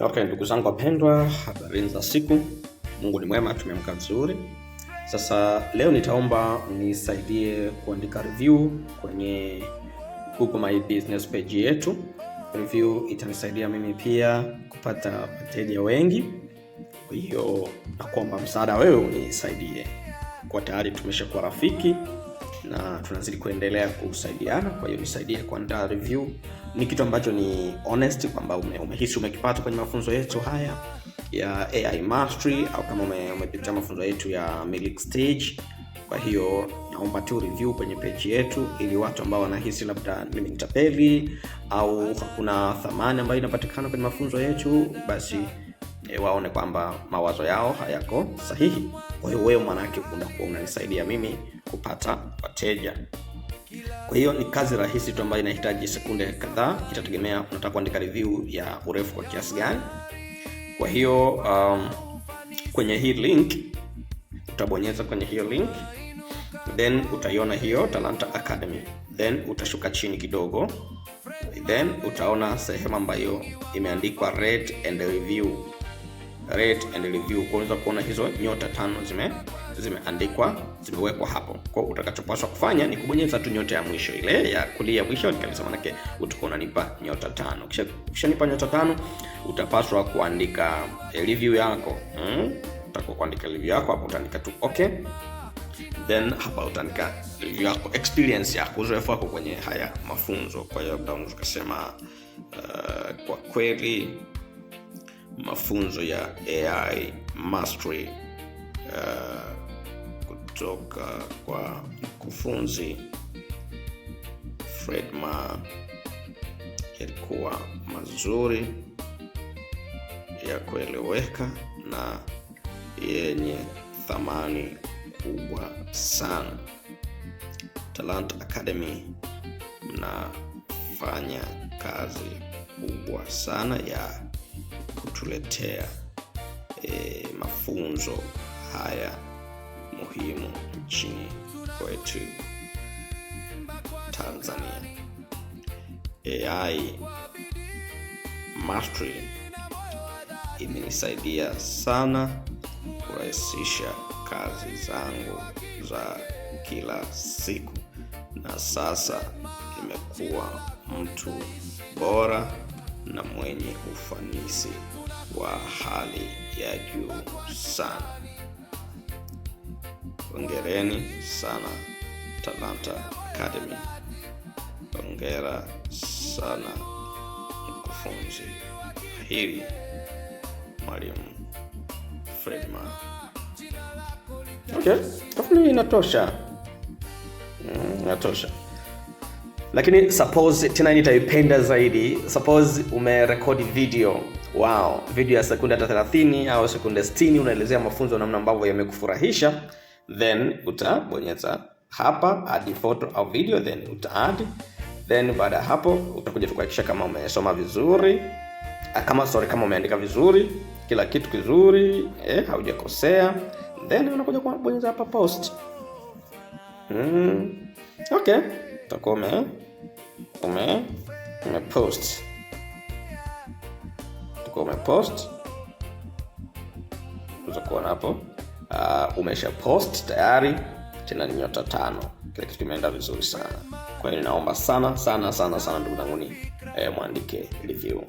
Okay, ndugu zangu wapendwa, habari za siku. Mungu ni mwema, tumeamka vizuri. Sasa leo nitaomba nisaidie kuandika review kwenye Google My Business page yetu. Review itanisaidia mimi pia kupata wateja wengi, kwa hiyo nakuomba msaada wewe unisaidie. Kwa tayari tumeshakuwa rafiki na tunazidi kuendelea kusaidiana. Kwa hiyo nisaidie kuandaa review, ni kitu ambacho ni honest kwamba ume, umehisi umekipata kwenye mafunzo yetu haya ya AI Mastery au kama umepitia ume mafunzo yetu ya Milk Stage. Kwa hiyo naomba tu review kwenye peji yetu, ili watu ambao wanahisi labda mimi nitapeli au hakuna thamani ambayo inapatikana kwenye mafunzo yetu basi e, waone kwamba mawazo yao hayako sahihi. Kwa hiyo wewe mwanawake unakuwa unanisaidia mimi kupata wateja. Kwa hiyo ni kazi rahisi tu ambayo inahitaji sekunde kadhaa, itategemea unataka kuandika review ya urefu kwa kiasi gani. Kwa hiyo um, kwenye hii link utabonyeza kwenye hiyo link then utaiona hiyo Talanta Academy, then utashuka chini kidogo, then utaona sehemu ambayo imeandikwa rate and review rate and review. Kwa unaweza kuona hizo nyota tano zime zimeandikwa zimewekwa hapo. Kwa utakachopaswa kufanya ni kubonyeza tu nyota ya mwisho ile ya kulia mwisho kabisa, maana utakuwa unanipa nyota tano. Kisha ukishanipa nyota tano, utapaswa kuandika eh, review yako hmm? Utakuwa kuandika review yako hapo, utaandika tu okay then hapa utaandika review yako, experience yako, uzoefu wako kwenye haya mafunzo. Kwa hiyo labda unaweza kusema uh, eh, kwa kweli mafunzo ya AI Mastery uh, kutoka kwa mkufunzi Fred Ma yalikuwa mazuri ya kueleweka na yenye thamani kubwa sana. Talent Academy mnafanya kazi kubwa sana ya kutuletea e, mafunzo haya muhimu nchini kwetu Tanzania. AI Mastery imenisaidia sana kurahisisha kazi zangu za kila siku, na sasa imekuwa mtu bora na mwenye ufanisi wa hali ya juu sana. Hongereni sana Talanta Academy. Hongera sana mkufunzi mahiri Mwalimu fredma Okay, tafuni inatosha, mm, inatosha. Lakini suppose tena nitaipenda zaidi, suppose umerekodi video wow, video ya sekunde hata 30 au sekunde 60, unaelezea mafunzo namna ambavyo yamekufurahisha, then utabonyeza hapa add photo au video, then uta add, then baada ya hapo utakuja kuhakikisha kama umesoma vizuri, ah, kama sorry, kama umeandika vizuri kila kitu kizuri eh, haujakosea, then unakuja kubonyeza hapa post. Mm, okay utakuwa ume, ume, umepost utakuwa umepost utakuwa hapo uh, umesha post tayari, tena ni nyota tano, kile kitu kimeenda vizuri sana. Kwa hiyo ninaomba sana sana sana sana, ndugu zangu ni eh, mwandike review.